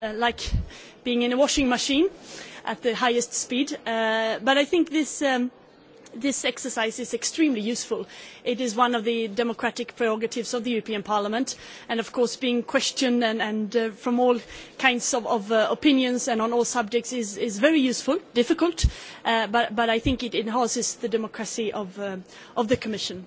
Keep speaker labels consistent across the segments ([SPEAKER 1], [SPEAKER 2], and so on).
[SPEAKER 1] like being in a washing machine at the highest speed but i think this this exercise is extremely useful. it is one of the democratic prerogatives of the european parliament and of course being questioned and from all kinds of opinions and on all subjects is very useful difficult but i think it enhances the democracy of the commission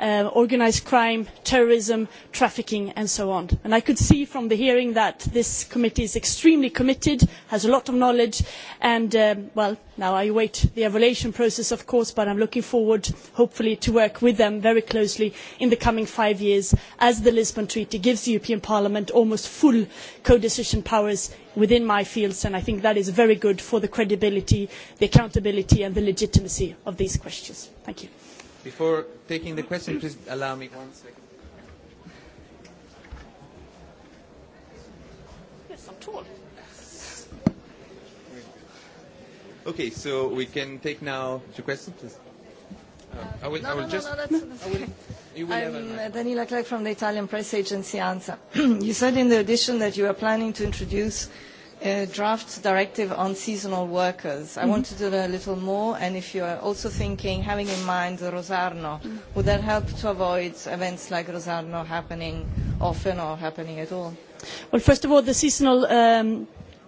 [SPEAKER 1] organised crime terrorism trafficking and so on. and i could see from the hearing that this committee is extremely committed has a lot of knowledge and well now i await the evaluation process of course but i am looking forward hopefully to work with them very closely in the coming five years as the lisbon treaty gives the european parliament almost full codecision powers within my fields and i think that is very good for the credibility the accountability and the legitimacy of these questions. thank you. Before taking the question, please allow me one second. Yes, I'm tall. Okay, so we can take now two questions, please. I will, I will just. I'm Daniela Clark from the Italian press agency ANSA. You said in the audition that you are planning to introduce draft directive on seasonal workers. I want to do a little more, and if you are also thinking, having in mind Rosarno, would that help to avoid events like Rosarno happening often or happening at all? Well, first of all, the seasonal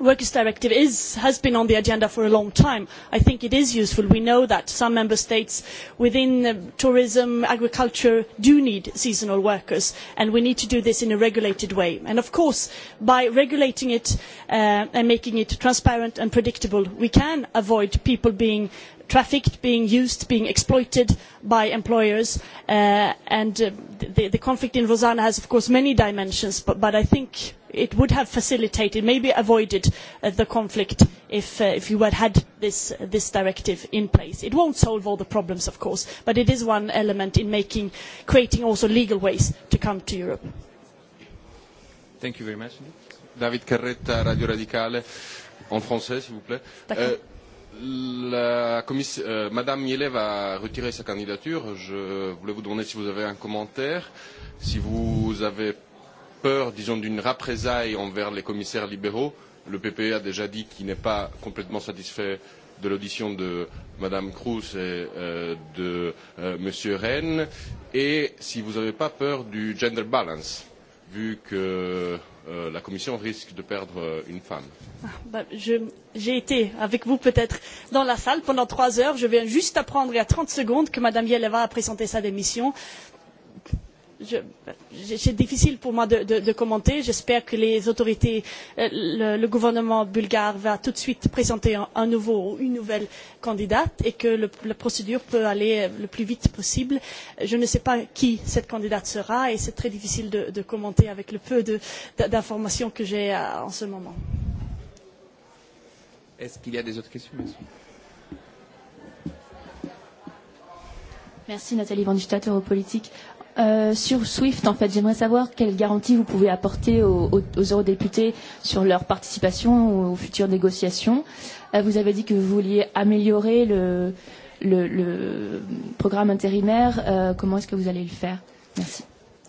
[SPEAKER 1] workers directive has been on the agenda for a long time. i think it is useful. we know that some member states within tourism and agriculture do need seasonal workers and we need to do this in a regulated way. of course by regulating it and making it transparent and predictable we can avoid people being trafficked being used being exploited by employers and the conflict in rosanna has of course many dimensions but i think it would have facilitated maybe avoided the conflict if you had had this directive in place. it won't solve all the problems of course but it is one element in making, creating also legal ways to come to europe. thank you very much. david carretta radio radicale en français s'il vous plaît. Madame Mielev a retiré sa candidature. Je voulais vous demander si vous avez un commentaire, si vous avez peur, disons, d'une représaille envers les commissaires libéraux. Le PPE a déjà dit qu'il n'est pas complètement satisfait de l'audition de Mme Cruz et de M. Rehn. Et si vous n'avez pas peur du gender balance, vu que la Commission risque de perdre une femme. J'ai été avec vous peut-être dans la salle pendant trois heures. Je viens juste apprendre il y a 30 secondes que Mme Yeleva a présenté sa démission c'est difficile pour moi de commenter. J'espère que les autorités, le gouvernement bulgare va tout de suite présenter un nouveau ou une nouvelle candidate et que la procédure peut aller le plus vite possible. Je ne sais pas qui cette candidate sera et c'est très difficile de commenter avec le peu d'informations que j'ai en ce moment. Est-ce qu'il y a des autres questions Merci Nathalie Vandistat, Sur SWIFT, en fait, j'aimerais savoir quelles garanties vous pouvez apporter aux eurodéputés sur leur participation aux futures négociations. Vous avez dit que vous vouliez améliorer le programme intérimaire. Comment est-ce que vous allez le faire Merci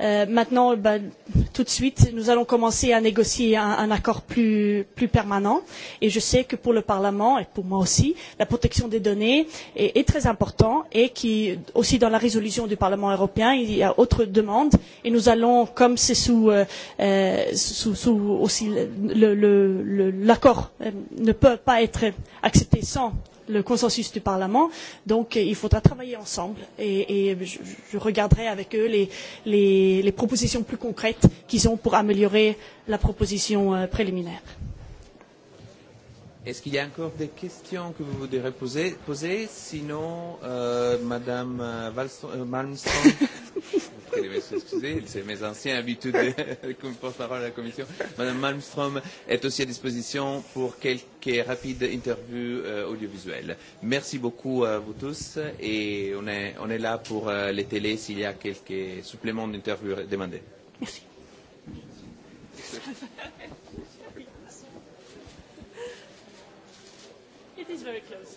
[SPEAKER 1] Maintenant, tout de suite, nous allons commencer à négocier un accord plus permanent. Et je sais que pour le Parlement, et pour moi aussi, la protection des données est très importante et qui, aussi dans la résolution du Parlement européen, il y a autre demande. Et nous allons, comme c'est sous aussi l'accord ne peut pas être accepté sans le consensus du Parlement. Donc, il faudra travailler ensemble et je regarderai avec eux les propositions plus concrètes qu'ils ont pour améliorer la proposition préliminaire. Est-ce qu'il y a encore des questions que vous voudrez poser Sinon, Madame Malmström que les messieurs, excusez, c'est mes anciens habitudes comme porte-parole à la Commission. Madame Malmström est aussi à disposition pour quelques rapides interviews audiovisuelles. Merci beaucoup à vous tous et on est, on est là pour les télés s'il y a quelques suppléments d'interviews demandés. Merci. It is very close.